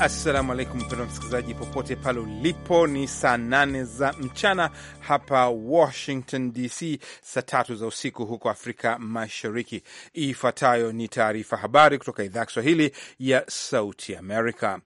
Assalamu alaikum mpendwa msikilizaji, popote pale ulipo, ni saa nane za mchana hapa Washington DC, saa tatu za usiku huko Afrika Mashariki. Ifuatayo ni taarifa habari kutoka idhaa ya Kiswahili ya Sauti Amerika.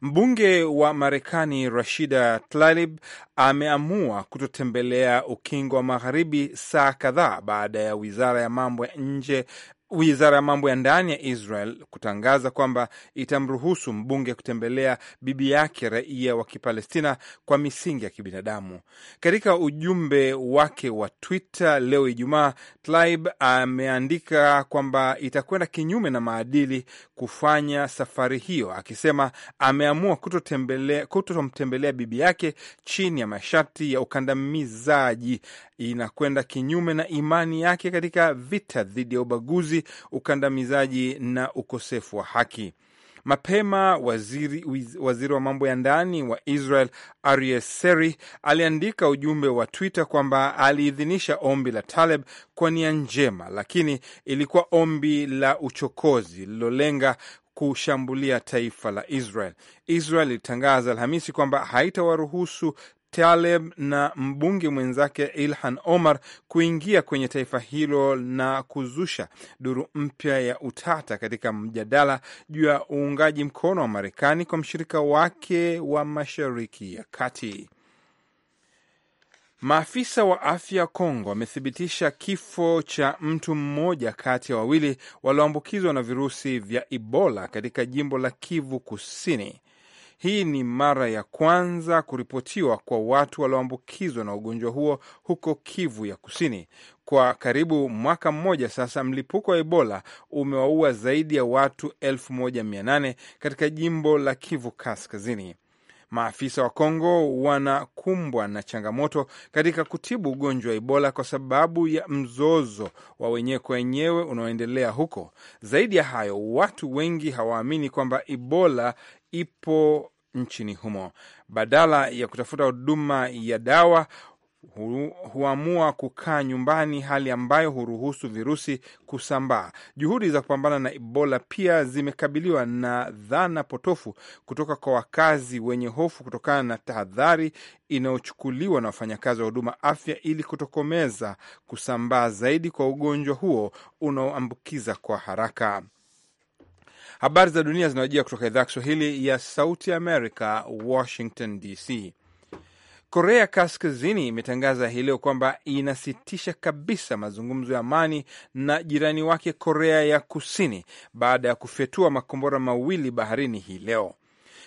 Mbunge wa Marekani Rashida Tlaib ameamua kutotembelea Ukingo wa Magharibi saa kadhaa baada ya wizara ya mambo ya nje wizara ya mambo ya ndani ya Israel kutangaza kwamba itamruhusu mbunge kutembelea bibi yake raia wa Kipalestina kwa misingi ya kibinadamu. Katika ujumbe wake wa Twitter leo Ijumaa, Tlaib ameandika kwamba itakwenda kinyume na maadili kufanya safari hiyo, akisema ameamua kutomtembelea bibi yake chini ya masharti ya ukandamizaji. Inakwenda kinyume na imani yake katika vita dhidi ya ubaguzi ukandamizaji na ukosefu wa haki. Mapema waziri, waziri wa mambo ya ndani wa Israel Aryeh Seri aliandika ujumbe wa Twitter kwamba aliidhinisha ombi la Taleb kwa nia njema, lakini ilikuwa ombi la uchokozi lililolenga kushambulia taifa la Israel. Israel ilitangaza Alhamisi kwamba haitawaruhusu Taleb na mbunge mwenzake Ilhan Omar kuingia kwenye taifa hilo na kuzusha duru mpya ya utata katika mjadala juu ya uungaji mkono wa Marekani kwa mshirika wake wa Mashariki ya Kati. Maafisa wa afya Kongo wamethibitisha kifo cha mtu mmoja kati ya wawili walioambukizwa na virusi vya Ebola katika jimbo la Kivu Kusini. Hii ni mara ya kwanza kuripotiwa kwa watu walioambukizwa na ugonjwa huo huko Kivu ya Kusini. Kwa karibu mwaka mmoja sasa, mlipuko wa Ebola umewaua zaidi ya watu 1800 katika jimbo la Kivu Kaskazini. Maafisa wa Kongo wanakumbwa na changamoto katika kutibu ugonjwa wa Ebola kwa sababu ya mzozo wa wenyewe kwa wenyewe unaoendelea huko. Zaidi ya hayo, watu wengi hawaamini kwamba Ebola ipo nchini humo. Badala ya kutafuta huduma ya dawa hu, huamua kukaa nyumbani, hali ambayo huruhusu virusi kusambaa. Juhudi za kupambana na Ebola pia zimekabiliwa na dhana potofu kutoka kwa wakazi wenye hofu kutokana na tahadhari inayochukuliwa na wafanyakazi wa huduma afya ili kutokomeza kusambaa zaidi kwa ugonjwa huo unaoambukiza kwa haraka. Habari za dunia zinawajia kutoka idhaa ya Kiswahili ya Sauti Amerika, Washington DC. Korea Kaskazini imetangaza hii leo kwamba inasitisha kabisa mazungumzo ya amani na jirani wake Korea ya Kusini baada ya kufyatua makombora mawili baharini hii leo.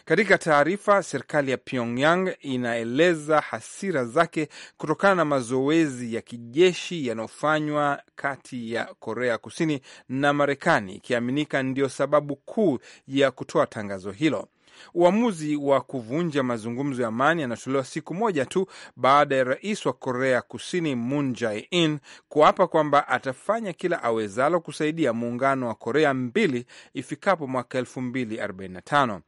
Katika taarifa, serikali ya Pyongyang inaeleza hasira zake kutokana na mazoezi ya kijeshi yanayofanywa kati ya Korea Kusini na Marekani, ikiaminika ndiyo sababu kuu ya kutoa tangazo hilo. Uamuzi wa kuvunja mazungumzo ya amani yanatolewa siku moja tu baada ya rais wa Korea Kusini Moon Jae-in kuapa kwamba atafanya kila awezalo kusaidia muungano wa Korea mbili ifikapo mwaka tano.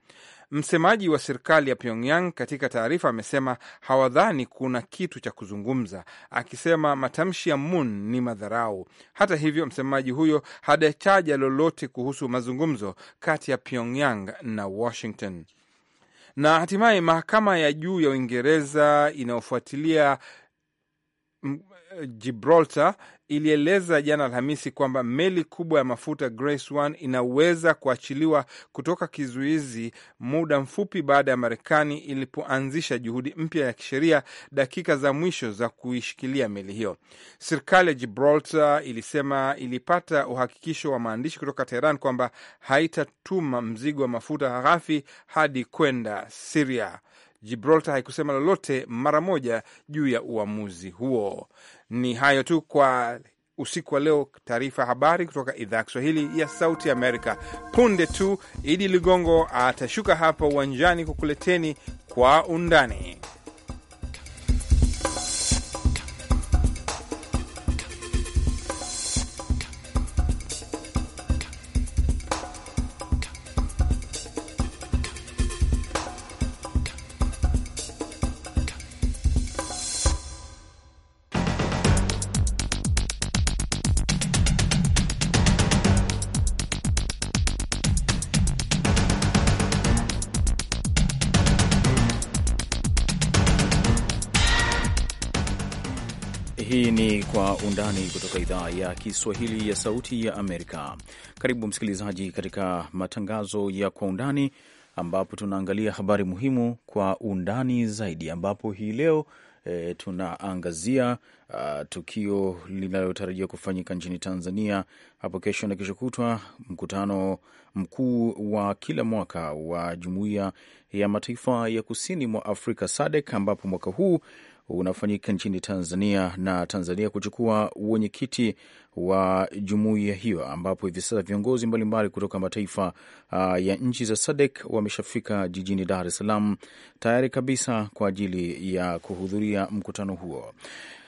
Msemaji wa serikali ya Pyongyang katika taarifa amesema hawadhani kuna kitu cha kuzungumza, akisema matamshi ya Moon ni madharau. Hata hivyo, msemaji huyo hajataja lolote kuhusu mazungumzo kati ya Pyongyang na Washington. Na hatimaye mahakama ya juu ya Uingereza inayofuatilia eh, Gibraltar ilieleza jana Alhamisi kwamba meli kubwa ya mafuta Grace One inaweza kuachiliwa kutoka kizuizi muda mfupi baada ya Marekani ilipoanzisha juhudi mpya ya kisheria dakika za mwisho za kuishikilia meli hiyo. Serikali ya Gibraltar ilisema ilipata uhakikisho wa maandishi kutoka Teheran kwamba haitatuma mzigo wa mafuta ghafi hadi kwenda Siria. Gibraltar haikusema lolote mara moja juu ya uamuzi huo. Ni hayo tu kwa usiku wa leo. Taarifa ya habari kutoka idhaa ya Kiswahili ya Sauti Amerika. Punde tu Idi Ligongo atashuka hapa uwanjani kukuleteni kwa undani Kwa Undani kutoka idhaa ya Kiswahili ya Sauti ya Amerika. Karibu msikilizaji katika matangazo ya Kwa Undani, ambapo tunaangalia habari muhimu kwa undani zaidi, ambapo hii leo e, tunaangazia a, ah, tukio linalotarajia kufanyika nchini Tanzania hapo kesho na kesho kutwa, mkutano mkuu wa kila mwaka wa Jumuiya ya Mataifa ya Kusini mwa Afrika SADC, ambapo mwaka huu unafanyika nchini Tanzania na Tanzania kuchukua uwenyekiti wa jumuiya hiyo, ambapo hivi sasa viongozi mbalimbali kutoka mataifa uh, ya nchi za SADC wameshafika jijini Dar es Salaam tayari kabisa kwa ajili ya kuhudhuria mkutano huo.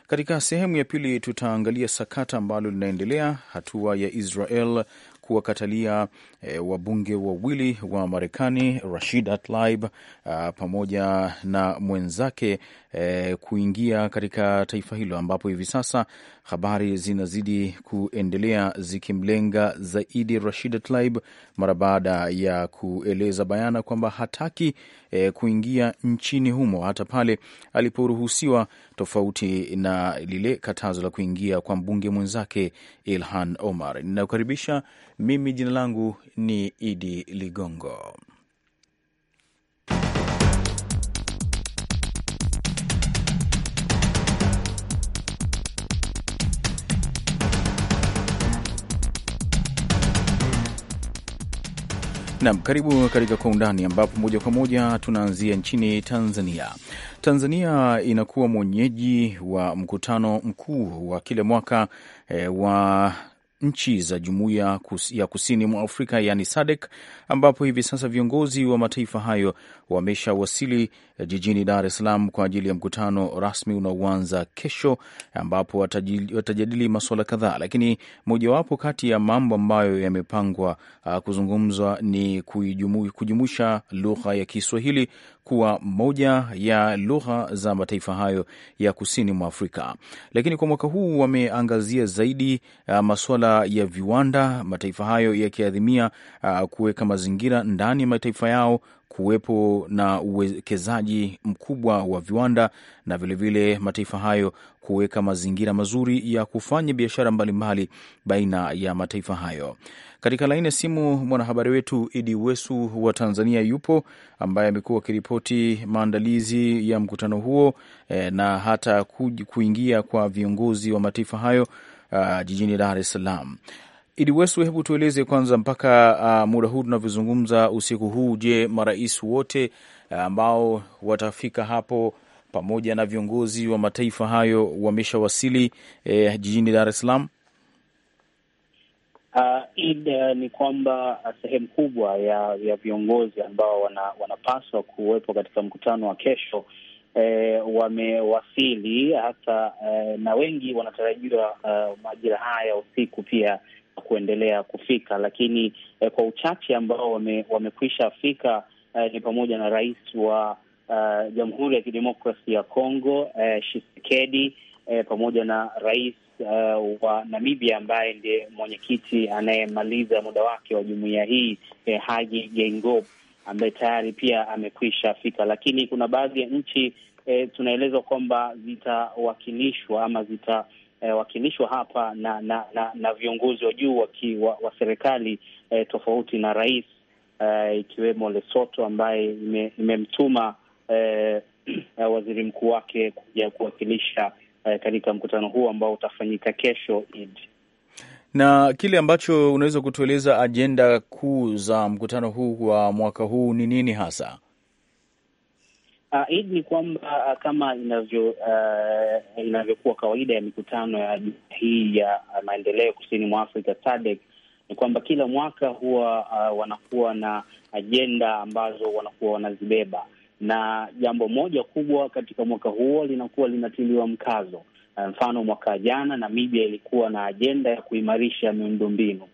Katika sehemu ya pili tutaangalia sakata ambalo linaendelea, hatua ya Israel kuwakatalia e, wabunge wawili wa Marekani Rashida Tlaib a, ah, pamoja na mwenzake e, kuingia katika taifa hilo ambapo hivi sasa Habari zinazidi kuendelea zikimlenga zaidi Rashida Tlaib mara baada ya kueleza bayana kwamba hataki e, kuingia nchini humo hata pale aliporuhusiwa, tofauti na lile katazo la kuingia kwa mbunge mwenzake Ilhan Omar. Ninakukaribisha, mimi jina langu ni Idi Ligongo. Nam, karibu katika Kwa Undani, ambapo moja kwa moja tunaanzia nchini Tanzania. Tanzania inakuwa mwenyeji wa mkutano mkuu wa kila mwaka e, wa nchi za jumuiya ya kusini mwa Afrika yani SADC, ambapo hivi sasa viongozi wa mataifa hayo wameshawasili jijini Dar es Salaam kwa ajili ya mkutano rasmi unaoanza kesho, ambapo watajadili masuala kadhaa, lakini mojawapo kati ya mambo ambayo yamepangwa uh, kuzungumzwa ni kujumuisha lugha ya Kiswahili kuwa moja ya lugha za mataifa hayo ya kusini mwa Afrika. Lakini kwa mwaka huu wameangazia zaidi uh, masuala ya viwanda, mataifa hayo yakiadhimia uh, kuweka mazingira ndani ya mataifa yao kuwepo na uwekezaji mkubwa wa viwanda na vilevile vile mataifa hayo kuweka mazingira mazuri ya kufanya biashara mbalimbali baina ya mataifa hayo. Katika laini ya simu mwanahabari wetu Idi Wesu wa Tanzania yupo, ambaye amekuwa akiripoti maandalizi ya mkutano huo eh, na hata kuingia kwa viongozi wa mataifa hayo uh, jijini Dar es Salaam. Idi Wesu, hebu tueleze kwanza, mpaka uh, muda huu tunavyozungumza usiku huu, je, marais wote ah, ambao uh, watafika hapo pamoja na viongozi wa mataifa hayo wameshawasili eh, jijini Dar es Salaam? Uh, id uh, ni kwamba sehemu kubwa ya ya viongozi ambao wana, wanapaswa kuwepo katika mkutano wa kesho eh, wamewasili hata eh, na wengi wanatarajiwa uh, majira haya usiku pia kuendelea kufika, lakini eh, kwa uchache ambao wame, wamekwisha fika eh, ni pamoja na rais wa uh, Jamhuri ya Kidemokrasia ya congo eh, Tshisekedi eh, pamoja na rais uh, wa Namibia ambaye ndiye mwenyekiti anayemaliza muda wake wa jumuiya hii eh, Haji Geingob ambaye tayari pia amekwisha fika, lakini kuna baadhi ya nchi eh, tunaelezwa kwamba zitawakilishwa ama zita eh, wakilishwa hapa na na, na, na viongozi wa juu wa, wa serikali eh, tofauti na rais eh, ikiwemo lesoto ambaye imemtuma eh, eh, waziri mkuu wake kuja kuwakilisha eh, katika mkutano huu ambao utafanyika kesho Eid na kile ambacho unaweza kutueleza ajenda kuu za mkutano huu wa mwaka huu ni nini hasa? Uh, ah, hii ni kwamba uh, kama inavyo uh, inavyokuwa kawaida ya mikutano ya hii ya uh, maendeleo kusini mwa Afrika SADC ni kwamba kila mwaka huwa uh, wanakuwa na ajenda ambazo wanakuwa wanazibeba, na jambo moja kubwa katika mwaka huo linakuwa linatiliwa mkazo. Mfano, mwaka jana Namibia ilikuwa na ajenda ya kuimarisha miundombinu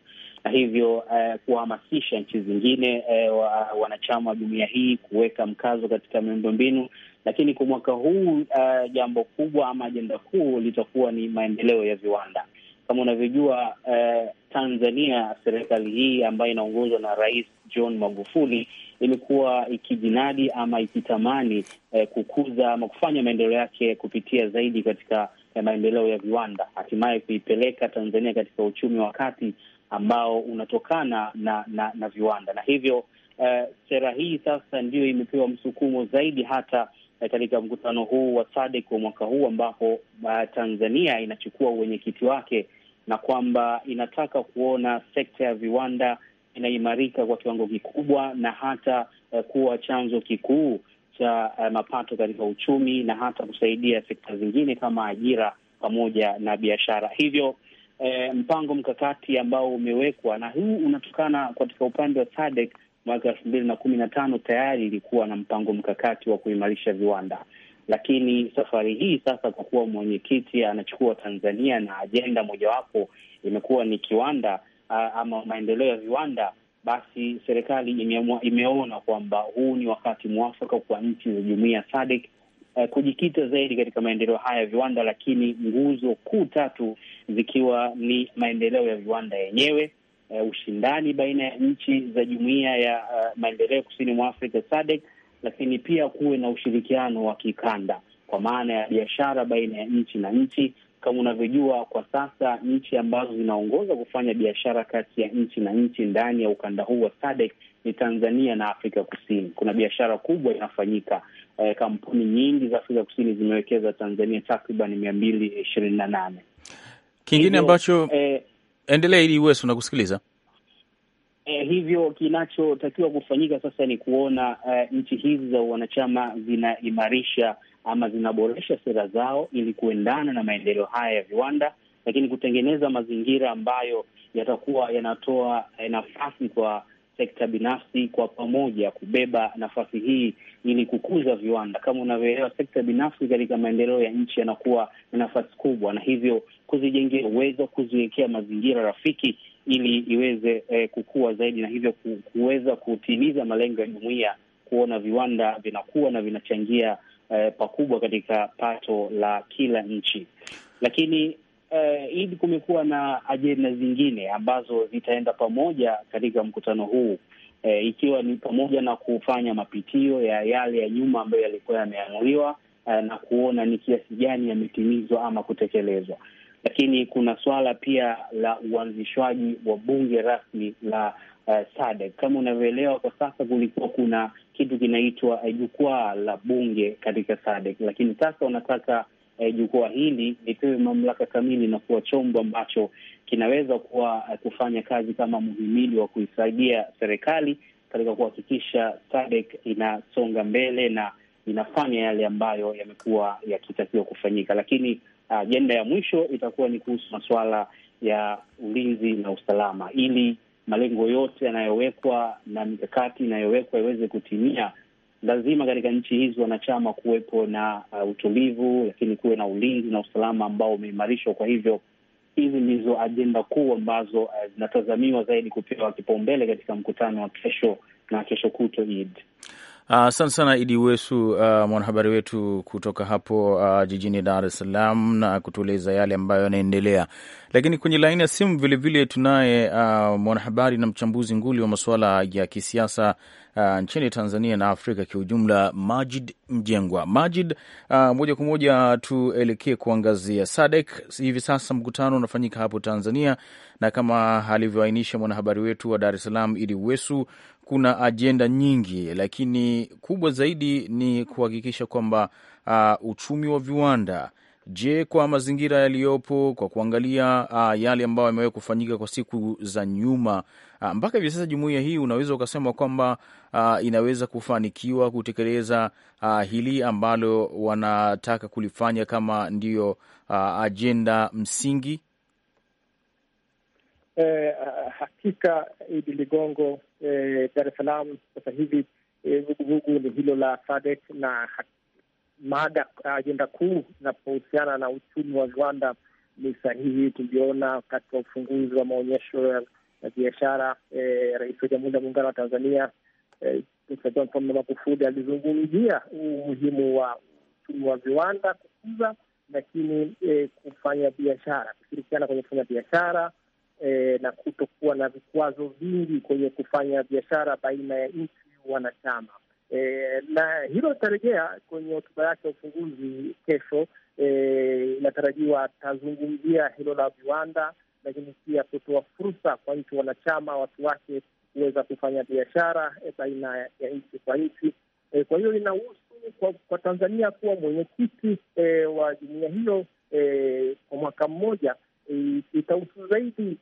na hivyo uh, eh, kuwahamasisha nchi zingine uh, wa, wanachama wa jumuiya hii kuweka mkazo katika miundombinu. Lakini kwa mwaka huu uh, jambo kubwa ama ajenda kuu litakuwa ni maendeleo ya viwanda. Kama unavyojua uh, Tanzania, serikali hii ambayo inaongozwa na Rais John Magufuli imekuwa ikijinadi ama ikitamani eh, kukuza ama kufanya maendeleo yake kupitia zaidi katika eh, maendeleo ya viwanda, hatimaye kuipeleka Tanzania katika uchumi wa kati ambao unatokana na na, na viwanda na hivyo uh, sera hii sasa ndiyo imepewa msukumo zaidi hata eh, katika mkutano huu wa SADC wa mwaka huu ambapo uh, Tanzania inachukua uwenyekiti wake na kwamba inataka kuona sekta ya viwanda inaimarika kwa kiwango kikubwa na hata uh, kuwa chanzo kikuu cha uh, mapato katika uchumi na hata kusaidia sekta zingine kama ajira pamoja na biashara. Hivyo e, mpango mkakati ambao umewekwa na huu unatokana katika upande wa SADC mwaka elfu mbili na kumi na tano tayari ilikuwa na mpango mkakati wa kuimarisha viwanda, lakini safari hii sasa, kwa kuwa mwenyekiti anachukua Tanzania na ajenda mojawapo imekuwa ni kiwanda ama maendeleo ya viwanda, basi serikali imeamua, imeona kwamba huu ni wakati mwafaka kwa nchi za jumuiya SADC uh, kujikita zaidi katika maendeleo haya ya viwanda, lakini nguzo kuu tatu zikiwa ni maendeleo ya viwanda yenyewe, uh, ushindani baina ya nchi za jumuiya ya uh, maendeleo kusini mwa Afrika SADC, lakini pia kuwe na ushirikiano wa kikanda kwa maana ya biashara baina ya nchi na nchi. Kama unavyojua kwa sasa nchi ambazo zinaongoza kufanya biashara kati ya nchi na nchi ndani ya ukanda huu wa SADC ni Tanzania na Afrika Kusini. Kuna biashara kubwa inafanyika, eh, kampuni nyingi za Afrika Kusini zimewekeza Tanzania takriban mia mbili ishirini na nane. Kingine ambacho eh, endelea ili uwes unakusikiliza. Eh, hivyo kinachotakiwa kufanyika sasa ni kuona eh, nchi hizi za wanachama zinaimarisha ama zinaboresha sera zao ili kuendana na maendeleo haya ya viwanda, lakini kutengeneza mazingira ambayo yatakuwa yanatoa eh, nafasi kwa sekta binafsi kwa pamoja kubeba nafasi hii ili kukuza viwanda. Kama unavyoelewa, sekta binafsi katika maendeleo ya nchi yanakuwa na nafasi kubwa, na hivyo kuzijengea uwezo, kuziwekea mazingira rafiki ili iweze eh, kukua zaidi, na hivyo kuweza kutimiza malengo ya jumuiya, kuona viwanda vinakuwa na vinachangia eh, pakubwa katika pato la kila nchi. Lakini eh, Idi, kumekuwa na ajenda zingine ambazo zitaenda pamoja katika mkutano huu eh, ikiwa ni pamoja na kufanya mapitio ya yale ya nyuma ambayo yalikuwa yameamuliwa eh, na kuona ni kiasi gani yametimizwa ama kutekelezwa, lakini kuna suala pia la uanzishwaji wa bunge rasmi la Uh, SADC kama unavyoelewa kwa sasa, kulikuwa kuna kitu kinaitwa jukwaa la bunge katika SADC, lakini sasa wanataka eh, jukwaa hili lipewe mamlaka kamili na kuwa chombo ambacho kinaweza kuwa eh, kufanya kazi kama mhimili wa kuisaidia serikali katika kuhakikisha SADC inasonga mbele na inafanya yale ambayo yamekuwa yakitakiwa kufanyika. Lakini ah, ajenda uh, ya mwisho itakuwa ni kuhusu masuala ya ulinzi na usalama, ili malengo yote yanayowekwa na mikakati inayowekwa iweze kutimia lazima katika nchi hizi wanachama kuwepo na uh, utulivu, lakini kuwe na ulinzi na usalama ambao umeimarishwa. Kwa hivyo hizi ndizo ajenda kuu ambazo uh, zinatazamiwa uh, zaidi kupewa kipaumbele katika mkutano wa kesho na kesho kuto Eid. Ah, asante uh, sana Idi Wesu, uh, mwanahabari wetu kutoka hapo uh, jijini Dar es Salaam, na kutueleza yale ambayo yanaendelea. Lakini kwenye laini ya simu vilevile tunaye uh, mwanahabari na mchambuzi nguli wa masuala ya kisiasa uh, nchini Tanzania na Afrika kiujumla. Majid Mjengwa. Majid, uh, moja kwa moja tuelekee kuangazia SADC. Hivi sasa mkutano unafanyika hapo Tanzania, na kama alivyoainisha mwanahabari wetu wa Dar es Salaam Idi Wesu, kuna ajenda nyingi, lakini kubwa zaidi ni kuhakikisha kwamba uh, uchumi wa viwanda Je, kwa mazingira yaliyopo, kwa kuangalia uh, yale ambayo yamewahi kufanyika kwa siku za nyuma uh, mpaka hivi sasa, jumuiya hii unaweza ukasema kwamba uh, inaweza kufanikiwa kutekeleza uh, hili ambalo wanataka kulifanya kama ndiyo uh, ajenda msingi? Eh, hakika Idi Ligongo, eh, Dar es Salaam sasa hivi eh, vuguvugu eh, ni hilo la SADC na mada ajenda kuu zinapohusiana na uchumi wa viwanda ni sahihi. Tuliona katika ufunguzi wa maonyesho ya biashara eh, Rais wa Jamhuri ya Muungano wa Tanzania eh, Dkt. John Magufuli alizungumzia umuhimu wa uchumi wa viwanda kukuza, lakini eh, kufanya biashara, kushirikiana kwenye kufanya biashara eh, na kutokuwa na vikwazo vingi kwenye kufanya biashara baina ya nchi wanachama. E, na hilo litarejea kwenye hotuba yake ya ufunguzi kesho. E, inatarajiwa atazungumzia hilo la viwanda, lakini pia kutoa fursa kwa nchi wanachama, watu wake kuweza kufanya biashara e, baina ya nchi kwa nchi. E, kwa hiyo inahusu kwa, kwa Tanzania kuwa mwenyekiti e, wa jumuiya hiyo e, kwa mwaka mmoja e, itahusu zaidi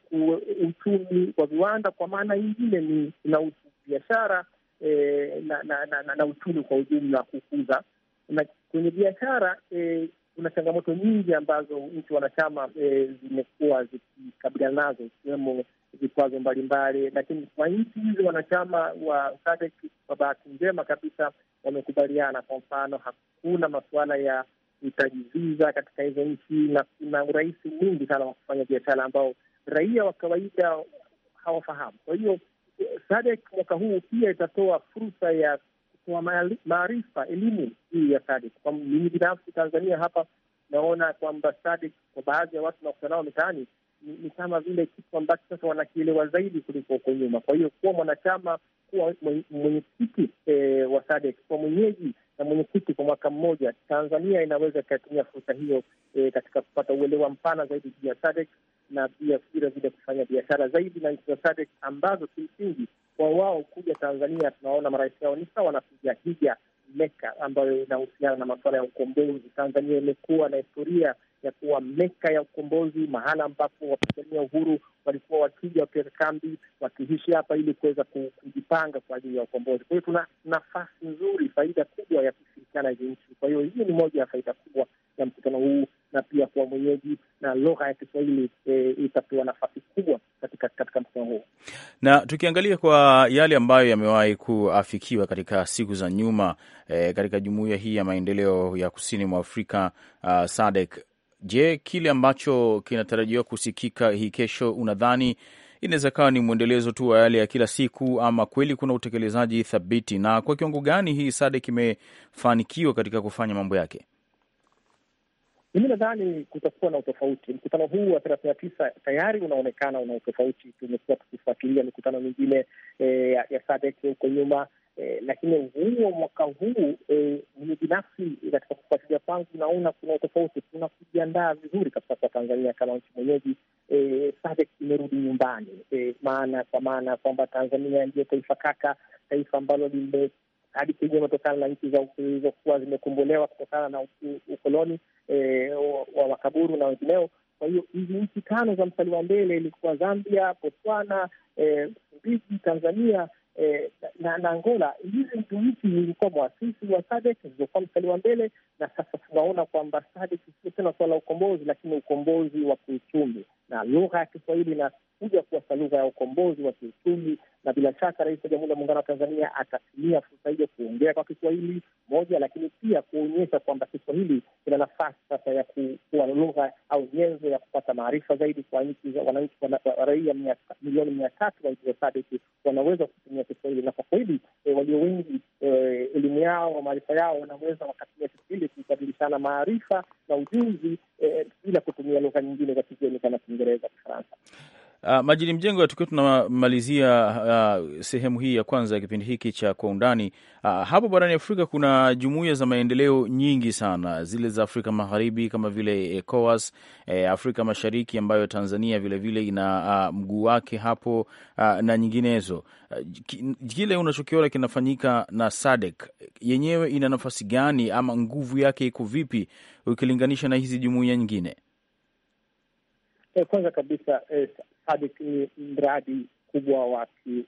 uchumi wa viwanda, kwa maana nyingine ni inahusu biashara eh, na, na, na, na, na uchumi kwa ujumla kukuza. Na kwenye biashara eh, kuna changamoto nyingi ambazo nchi wanachama eh, zimekuwa zikikabiliana nazo ikiwemo vikwazo mbalimbali, lakini kwa nchi hizi wanachama wa SADC kwa bahati njema kabisa wamekubaliana. Kwa mfano, hakuna masuala ya uhitaji viza katika hizo nchi, na kuna urahisi mwingi sana wa kufanya biashara ambao raia wa kawaida hawafahamu. Kwa hiyo SADC mwaka huu pia itatoa fursa ya kutoa maarifa, elimu juu ya SADC. Kwa mimi binafsi Tanzania hapa naona kwamba SADC kwa baadhi ya watu nakuta nao mitaani ni kama vile kitu ambacho sasa wanakielewa zaidi kuliko huko nyuma. Kwa hiyo kuwa mwanachama, kuwa mwenyekiti eh, wa SADC, kuwa mwenyeji na mwenyekiti kwa mwaka mmoja, Tanzania inaweza ikatumia fursa hiyo eh, katika kupata uelewa mpana zaidi juu ya SADC na pia vile vile kufanya biashara zaidi na nchi za SADC ambazo kimsingi kwa wao kuja Tanzania tunaona marais wao ni sawa wanapiga hija Meka ambayo inahusiana na masuala ya ukombozi. Tanzania imekuwa na historia ya kuwa Meka ya ukombozi, mahala ambapo wapigania uhuru walikuwa wakija wakiweka kambi, wakiishi hapa ili kuweza kujipanga kwa ajili ya ukombozi. Kwa hiyo tuna nafasi nzuri, faida kubwa ya kushirikiana hizi nchi. Kwa hiyo hii ni moja ya faida kubwa ya mkutano huu na pia kuwa mwenyeji na lugha ya Kiswahili e, itapewa nafasi kubwa katika, katika mkutano huo. Na tukiangalia kwa yale ambayo yamewahi kuafikiwa katika siku za nyuma e, katika jumuiya hii ya maendeleo ya kusini mwa Afrika uh, SADC, je, kile ambacho kinatarajiwa kusikika hii kesho unadhani inaweza kawa ni mwendelezo tu wa yale ya kila siku ama kweli kuna utekelezaji thabiti, na kwa kiwango gani hii SADC imefanikiwa katika kufanya mambo yake? Mimi nadhani kutakuwa na utofauti. Mkutano huu wa thelathini na tisa tayari unaonekana una utofauti. Tumekuwa tukifuatilia mikutano mingine e, ya, ya SADC huko nyuma e, lakini huo mwaka huu mimi eh, binafsi katika kufuatilia kwangu naona kuna utofauti. Kuna kujiandaa vizuri kabisa kwa Tanzania kama nchi mwenyeji e, SADC imerudi nyumbani e, maana kwa maana kwamba Tanzania ndiyo taifa kaka, taifa ambalo lime hadi kuja kutokana na nchi zilizokuwa zimekombolewa kutokana na ukoloni e, wa makaburu na wengineo. Kwa hiyo hizi nchi tano za mstari wa mbele ilikuwa Zambia, Botswana, eh, Msumbiji, e, Tanzania E, na, na Angola. Hizi ndio nchi zilikuwa mwasisi wa SADC zilizokuwa mstari wa mbele, na sasa tunaona kwamba SADC sio tena suala la ukombozi, lakini ukombozi wa kiuchumi, na lugha ya Kiswahili na itakuja kuwapa lugha ya ukombozi wa kiuchumi, na bila shaka Rais wa Jamhuri ya Muungano wa Tanzania atatumia fursa hiyo kuongea kwa Kiswahili moja, lakini pia kuonyesha kwamba Kiswahili kina nafasi sasa ya kuwa lugha au nyenzo ya kupata maarifa zaidi kwa nchi za wananchi. Raia milioni mia tatu wa nchi za Sadiki wanaweza kutumia Kiswahili, na kwa kweli e, walio wengi e, elimu yao, maarifa yao, wanaweza wakatumia Kiswahili kubadilishana maarifa na ujuzi e, bila kutumia lugha nyingine za kigeni kama Kiingereza, Kifaransa. Uh, ah, Majini Mjengo, tukiwa tunamalizia uh, sehemu hii ya kwanza ya kipindi hiki cha kwa undani uh, hapo barani Afrika kuna jumuiya za maendeleo nyingi sana, zile za Afrika Magharibi kama vile ECOWAS, eh, Afrika Mashariki ambayo Tanzania vilevile vile ina uh, mguu wake hapo uh, na nyinginezo. Kile unachokiona kinafanyika na SADC yenyewe ina nafasi gani ama nguvu yake iko vipi ukilinganisha na hizi jumuiya nyingine? Eh, kwanza kabisa eh, SADC ni mradi kubwa wa,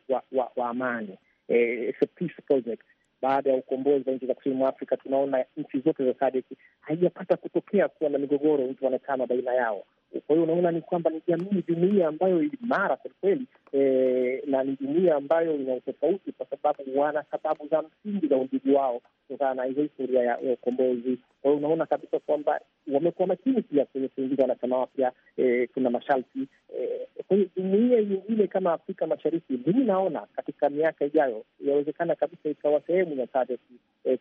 wa, wa, wa amani eh, it's a peace project. Baada ya ukombozi wa nchi za kusini mwa Afrika, tunaona nchi zote za SADC haijapata kutokea kuwa na migogoro mtu wanachama baina yao. Kwa hiyo unaona ni kwamba ni jamii, jumuia ambayo imara kwelikweli, eh, na ni jumuia ambayo ina utofauti, kwa sababu wana sababu za msingi za undugu wao kutokana na hiyo historia ya ukombozi. Kwa hiyo unaona kabisa kwamba wamekuwa makini pia kwenye kuingiza wanachama wapya, eh, kuna masharti. Eh, kwa hiyo jumuia nyingine kama Afrika Mashariki, mimi naona katika miaka ijayo inawezekana kabisa ikawa sehemu ya SADC,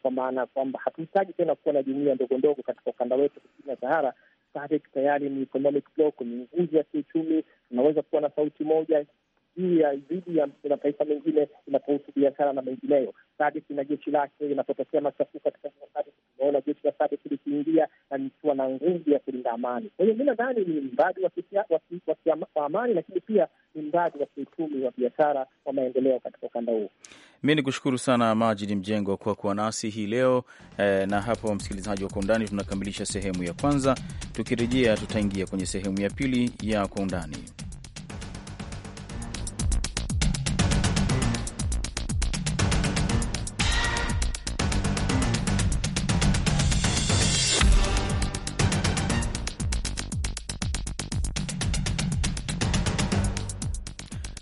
kwa maana kwamba hatuhitaji tena kuwa na jumuia ndogo ndogo katika ukanda wetu kusini ya Sahara static, tayari ni economic block, ni nguvu ya kiuchumi. Tunaweza kuwa na sauti moja juu ya dhidi ya mataifa mengine inapohusu biashara na mengineyo. SADC ina jeshi lake, inapotokea machafuko katika SADC tumeona jeshi la SADC likiingia na likiwa na nguvu ya kulinda amani. Kwa hiyo mi nadhani ni mradi wa amani, lakini pia ni mradi wa kiuchumi, wa biashara, wa maendeleo katika ukanda huo. Mi ni kushukuru sana Majidi Mjengo kwa kuwa nasi hii leo e, na hapo msikilizaji wa Kwa Undani tunakamilisha sehemu ya kwanza. Tukirejea tutaingia kwenye sehemu ya pili ya Kwa Undani.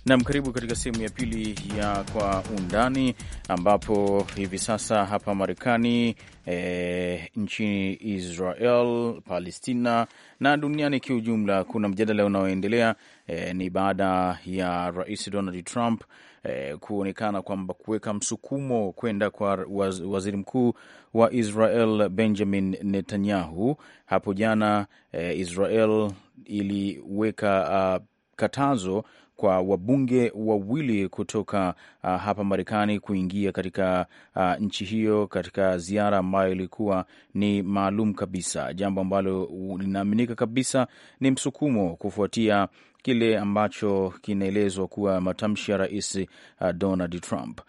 Nam, karibu katika sehemu ya pili ya Kwa Undani, ambapo hivi sasa hapa Marekani, e, eh, nchini Israel, Palestina na duniani kiujumla kuna mjadala unaoendelea. E, ni baada ya Rais Donald Trump e, kuonekana kwamba kuweka msukumo kwenda kwa waz, waziri mkuu wa Israel Benjamin Netanyahu. Hapo jana e, Israel iliweka a, ah, katazo kwa wabunge wawili kutoka uh, hapa Marekani kuingia katika uh, nchi hiyo katika ziara ambayo ilikuwa ni maalum kabisa, jambo ambalo linaaminika kabisa ni msukumo kufuatia kile ambacho kinaelezwa kuwa matamshi ya Rais uh, Donald Trump.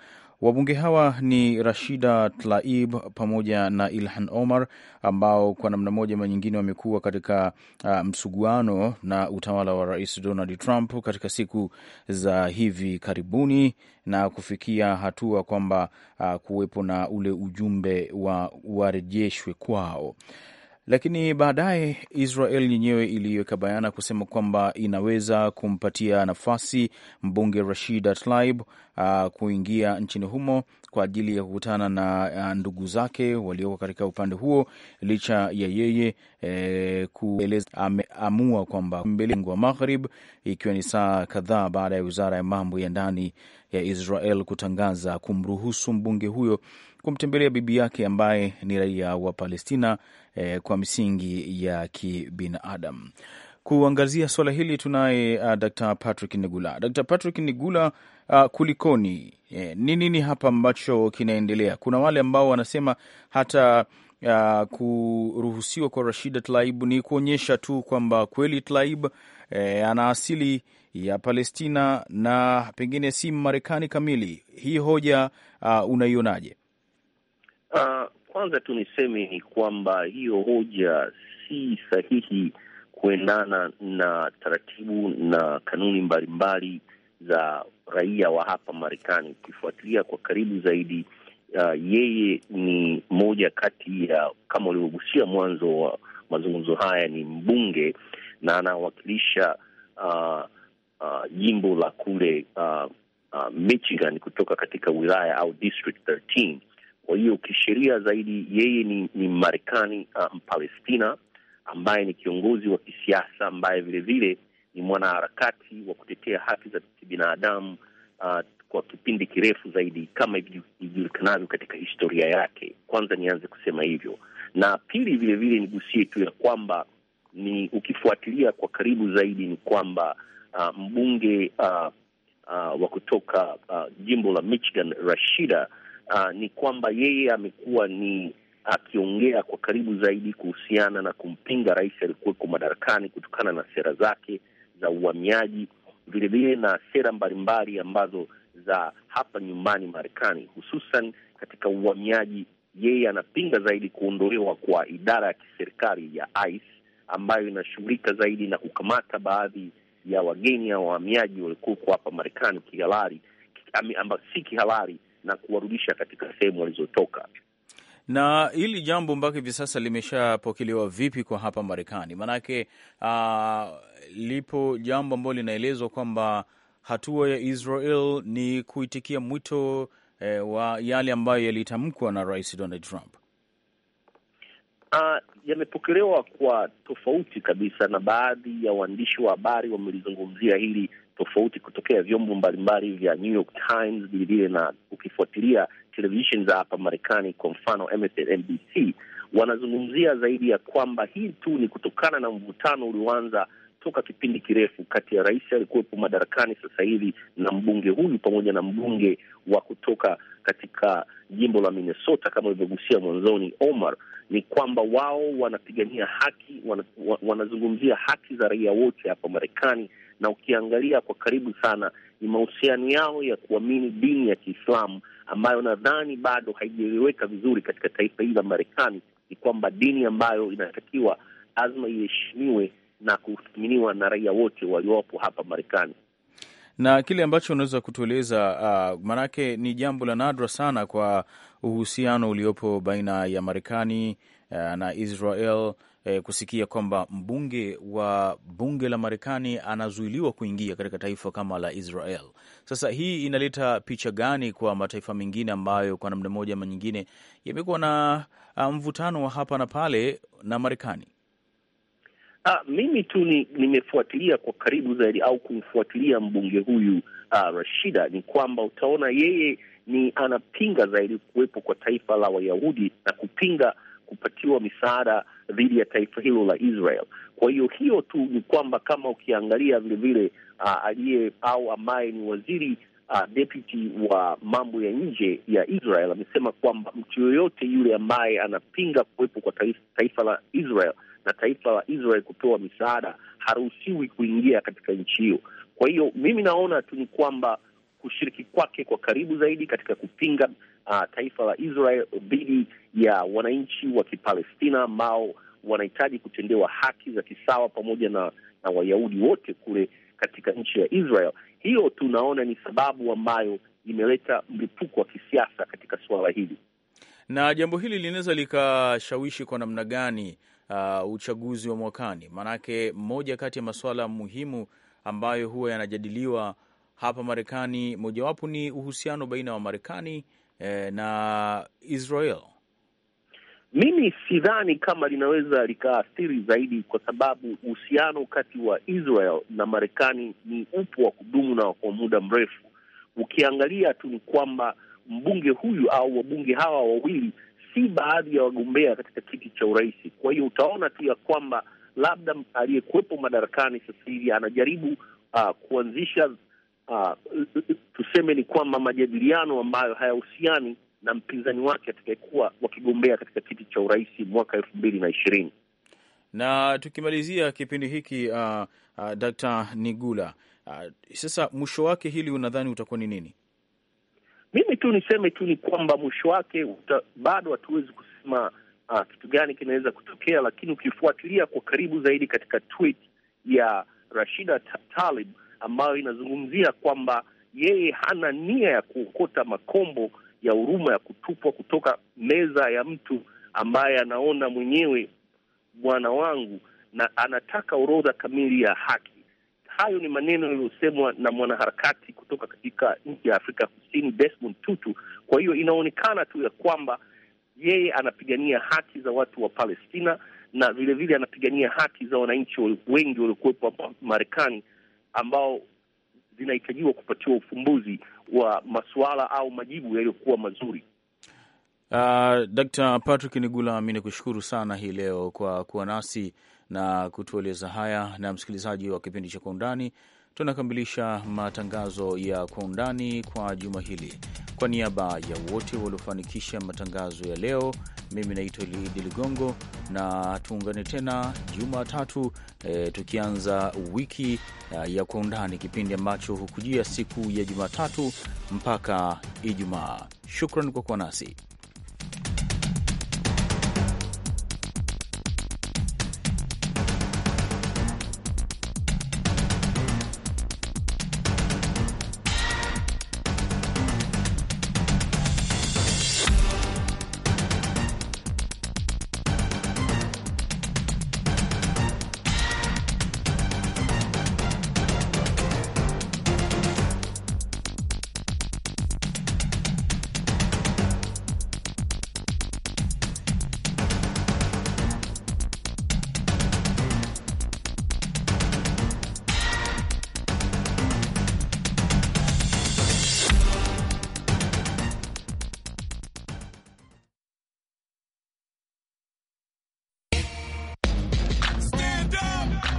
Wabunge hawa ni Rashida Tlaib pamoja na Ilhan Omar ambao kwa namna moja ama nyingine wamekuwa katika uh, msuguano na utawala wa Rais Donald Trump katika siku za hivi karibuni na kufikia hatua kwamba uh, kuwepo na ule ujumbe wa warejeshwe kwao lakini baadaye Israel yenyewe iliweka bayana kusema kwamba inaweza kumpatia nafasi mbunge Rashida Tlaib uh, kuingia nchini humo kwa ajili ya kukutana na uh, ndugu zake walioko katika upande huo, licha ya yeye eh, kueleza ameamua kwamba mbele wa Maghrib, ikiwa ni saa kadhaa baada ya wizara ya mambo ya ndani ya Israel kutangaza kumruhusu mbunge huyo kumtembelea bibi yake ambaye ni raia wa Palestina eh, kwa misingi ya kibinadamu. Kuangazia swala hili tunaye uh, Dr. Patrick Nigula. Dr. Patrick Nigula, uh, kulikoni eh, ni nini hapa ambacho kinaendelea? Kuna wale ambao wanasema hata Uh, kuruhusiwa kwa Rashida Tlaib ni kuonyesha tu kwamba kweli Tlaib eh, ana asili ya Palestina na pengine si Marekani kamili. Hii hoja uh, unaionaje? Uh, kwanza tu niseme ni kwamba hiyo hoja si sahihi kuendana na taratibu na kanuni mbalimbali za raia wa hapa Marekani. Ukifuatilia kwa karibu zaidi, uh, yeye ni moja kati ya kama ulivyogusia mwanzo wa mazungumzo haya, ni mbunge na anawakilisha uh, uh, jimbo la kule uh, uh, Michigan kutoka katika wilaya au district 13 kwa hiyo kisheria zaidi yeye ni, ni Marekani Mpalestina uh, Mpalestina ambaye ni kiongozi wa kisiasa ambaye vilevile ni mwanaharakati wa kutetea haki za kibinadamu uh, kwa kipindi kirefu zaidi kama ijulikanavyo katika historia yake. Kwanza nianze kusema hivyo, na pili vilevile nigusie tu ya kwamba ni ukifuatilia kwa karibu zaidi ni kwamba uh, mbunge uh, uh, wa kutoka uh, jimbo la Michigan Rashida uh, ni kwamba yeye amekuwa ni akiongea kwa karibu zaidi kuhusiana na kumpinga rais aliyekuweko madarakani kutokana na sera zake za uhamiaji, vilevile na sera mbalimbali ambazo za hapa nyumbani Marekani, hususan katika uhamiaji. Yeye anapinga zaidi kuondolewa kwa idara ya kiserikali ya ICE ambayo inashughulika zaidi na kukamata baadhi ya wageni au wahamiaji waliokuweko hapa Marekani kihalali, amba si kihalali na kuwarudisha katika sehemu walizotoka. Na hili jambo mpaka hivi sasa limeshapokelewa vipi kwa hapa Marekani? Maanake uh, lipo jambo ambalo linaelezwa kwamba hatua ya Israel ni kuitikia mwito eh, wa yale ambayo yalitamkwa na Rais Donald Trump. Uh, yamepokelewa kwa tofauti kabisa, na baadhi ya waandishi wa habari wamelizungumzia hili tofauti kutokea vyombo mbalimbali vya New York Times, vilevile na ukifuatilia televishen za hapa Marekani, kwa mfano MSNBC, wanazungumzia zaidi ya kwamba hii tu ni kutokana na mvutano ulioanza toka kipindi kirefu kati ya rais aliyekuwepo madarakani sasa hivi na mbunge huyu pamoja na mbunge wa kutoka katika jimbo la Minnesota kama ulivyogusia mwanzoni Omar, ni kwamba wao wanapigania haki wana, wanazungumzia haki za raia wote hapa Marekani na ukiangalia kwa karibu sana ni mahusiano yao ya kuamini dini ya Kiislamu ambayo nadhani bado haijaeleweka vizuri katika taifa hili la Marekani, ni kwamba dini ambayo inatakiwa lazima iheshimiwe na kuthaminiwa na raia wote waliopo hapa Marekani na kile ambacho unaweza kutueleza uh, maanake ni jambo la nadra sana kwa uhusiano uliopo baina ya Marekani uh, na Israel e, kusikia kwamba mbunge wa bunge la Marekani anazuiliwa kuingia katika taifa kama la Israel. Sasa hii inaleta picha gani kwa mataifa mengine ambayo kwa namna moja ama nyingine yamekuwa na ah, mvutano wa hapa na pale na Marekani? Ah, mimi tu nimefuatilia kwa karibu zaidi au kumfuatilia mbunge huyu ah, Rashida, ni kwamba utaona yeye ni anapinga zaidi kuwepo kwa taifa la Wayahudi na kupinga kupatiwa misaada dhidi ya taifa hilo la Israel. Kwa hiyo hiyo tu ni kwamba kama ukiangalia vilevile uh, aliye au ambaye ni waziri uh, deputy wa mambo ya nje ya Israel amesema kwamba mtu yoyote yule ambaye anapinga kuwepo kwa taifa, taifa la Israel na taifa la Israel kupewa misaada haruhusiwi kuingia katika nchi hiyo. Kwa hiyo mimi naona tu ni kwamba kushiriki kwake kwa karibu zaidi katika kupinga uh, taifa la Israel dhidi ya wananchi wa Kipalestina ambao wanahitaji kutendewa haki za kisawa pamoja na, na Wayahudi wote kule katika nchi ya Israel. Hiyo tunaona ni sababu ambayo imeleta mlipuko wa kisiasa katika suala hili, na jambo hili linaweza likashawishi kwa namna gani uh, uchaguzi wa mwakani? Maanake moja kati ya masuala muhimu ambayo huwa yanajadiliwa hapa Marekani, mojawapo ni uhusiano baina wa Marekani eh, na Israel. Mimi sidhani kama linaweza likaathiri zaidi, kwa sababu uhusiano kati wa Israel na Marekani ni upo wa kudumu na kwa muda mrefu. Ukiangalia tu ni kwamba mbunge huyu au wabunge hawa wawili si baadhi ya wagombea katika kiti cha urais. Kwa hiyo utaona tu ya kwamba labda aliyekuwepo madarakani sasa hivi anajaribu uh, kuanzisha uh, tuseme ni kwamba majadiliano ambayo hayahusiani na mpinzani wake atakayekuwa wakigombea katika kiti cha urais mwaka elfu mbili na ishirini. Na tukimalizia kipindi hiki uh, ah, uh, ah, Dkt. Nigula, uh, sasa mwisho wake hili unadhani utakuwa ni nini? Mimi tu niseme tu ni kwamba mwisho wake uta, bado hatuwezi kusema uh, kitu gani kinaweza kutokea, lakini ukifuatilia kwa karibu zaidi katika tweet ya Rashida Talib ambayo inazungumzia kwamba yeye hana nia ya kuokota makombo ya huruma ya kutupwa kutoka meza ya mtu ambaye anaona mwenyewe bwana wangu, na anataka orodha kamili ya haki. Hayo ni maneno yaliyosemwa na mwanaharakati kutoka katika nchi ya Afrika Kusini, Desmond Tutu. Kwa hiyo inaonekana tu ya kwamba yeye anapigania haki za watu wa Palestina na vilevile vile anapigania haki za wananchi wengi waliokuwepo hapa Marekani ambao zinahitajiwa kupatiwa ufumbuzi wa masuala au majibu yaliyokuwa mazuri. Uh, ah, Dr. Patrick Nigula, mi kushukuru sana hii leo kwa kuwa nasi na kutueleza haya, na msikilizaji wa kipindi cha Kwa Undani tunakamilisha matangazo ya kwa undani kwa juma hili. Kwa niaba ya wote waliofanikisha matangazo ya leo, mimi naitwa Idi Ligongo na tuungane tena Jumatatu e, tukianza wiki eh, ya kwa undani, kipindi ambacho hukujia siku ya Jumatatu mpaka Ijumaa. Shukran kwa kuwa nasi.